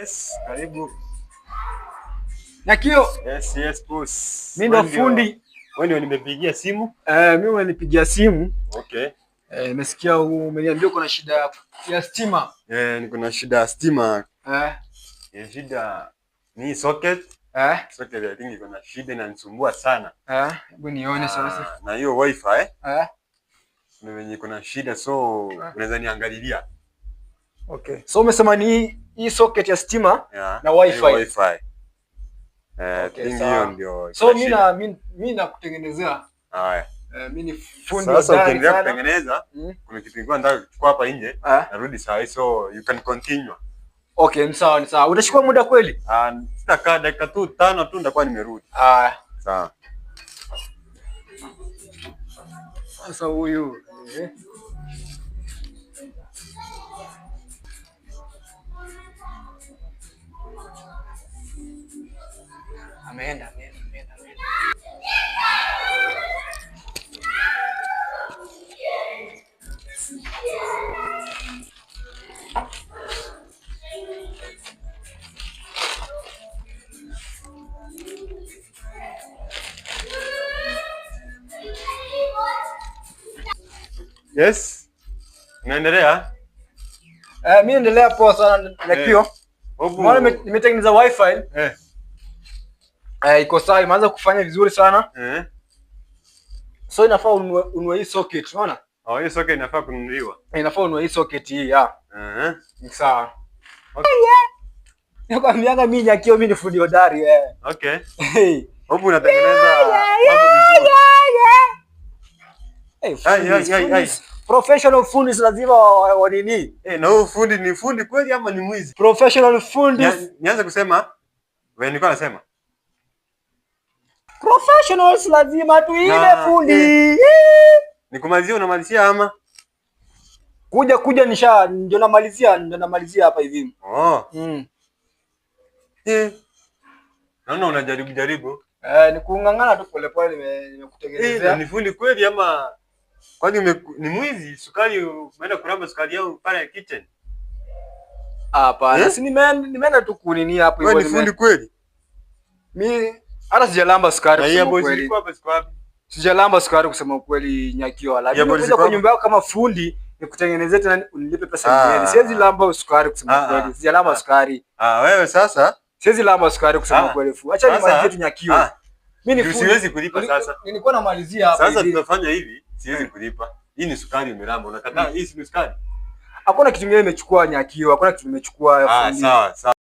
Yes, karibu. Nakio. Yes, yes, boss. Mimi ndo fundi. Wewe ndio nimepigia simu? Eh, mimi simu. Okay. Eh, nimesikia umeniambia uko na shida ya stima. Eh, niko na shida ya stima. Eh. Ya eh, shida ni socket. Eh. Socket iko na shida inanisumbua sana. Eh, hebu nione ah, sasa. Na hiyo wifi eh? Eh. Mimi niko na shida so ah. unaweza niangalilia. Okay. So umesema ni hii socket ya stima na wifi, wifi. Eh, okay, hiyo ndio. So mi na mimi nakutengenezea. Haya. Eh, mimi ni fundi sasa, ukiendelea kutengeneza hmm. kuna kitu kingine nataka kuchukua hapa nje, ah. narudi saa so you can continue. Okay, ni sawa, ni sawa. Utachukua muda kweli? Ah, sitakaa dakika tu tano tu nitakuwa nimerudi. Haya. Sawa. Sasa huyu eh. ameenda ameenda ameenda. Yes. Unaendelea? Eh, mimi naendelea poa sana na kio. Mbona nimetengeneza wifi? Eh eh, iko sawa, imeanza kufanya vizuri sana eh. So inafaa ununue, ununue hii socket, unaona? Oh, hii socket inafaa kununuliwa. Inafaa ununue hii socket hii ya. Eh. Ni sawa. Okay. Nakwambianga mimi nyakio mimi ni fundi hodari eh. Okay. Hapo unatengeneza Professional fundi lazima wa nini? Eh, na huyu fundi ni fundi kweli ama ni mwizi? Professional fundi. Nianze kusema wewe nilikuwa nasema professionals lazima tuile ah, fundi. Eh. Nikumalizia unamalizia ama? Kuja kuja nisha ndio namalizia ndio namalizia hapa hivi. Oh. Mm. Eh. Naona unajaribu jaribu. Eh, ni kung'ang'ana tu pole pole nimekutengenezea. Eh, ni fundi kweli ama kwani ni mwizi sukari umeenda kuramba sukari yao pale kitchen? Hapana, eh? si nimeenda tu kunini hapo hivyo. ni fundi kweli? Mimi hata sijalamba sukari kusema ukweli. Sijalamba sukari kusema ukweli nyakio la. Nimekuja kwa nyumba yako kama fundi nikutengenezee tena unilipe pesa ah. nyingine. Siwezi lamba sukari kusema ah, ah. ukweli. Sijalamba sukari. Ah, wewe sasa? Siwezi lamba sukari kusema ukweli fu. Acha nimalizie tu nyakio. Mimi ni fundi siwezi kulipa sasa. Nilikuwa namalizia hapa. Sasa tunafanya hivi, siwezi eh. kulipa. Hii ni sukari imelamba. Unakataa mm. hii si sukari. Hakuna kitu kingine nimechukua nyakio, hakuna kitu nimechukua fundi. Ah, sawa sawa.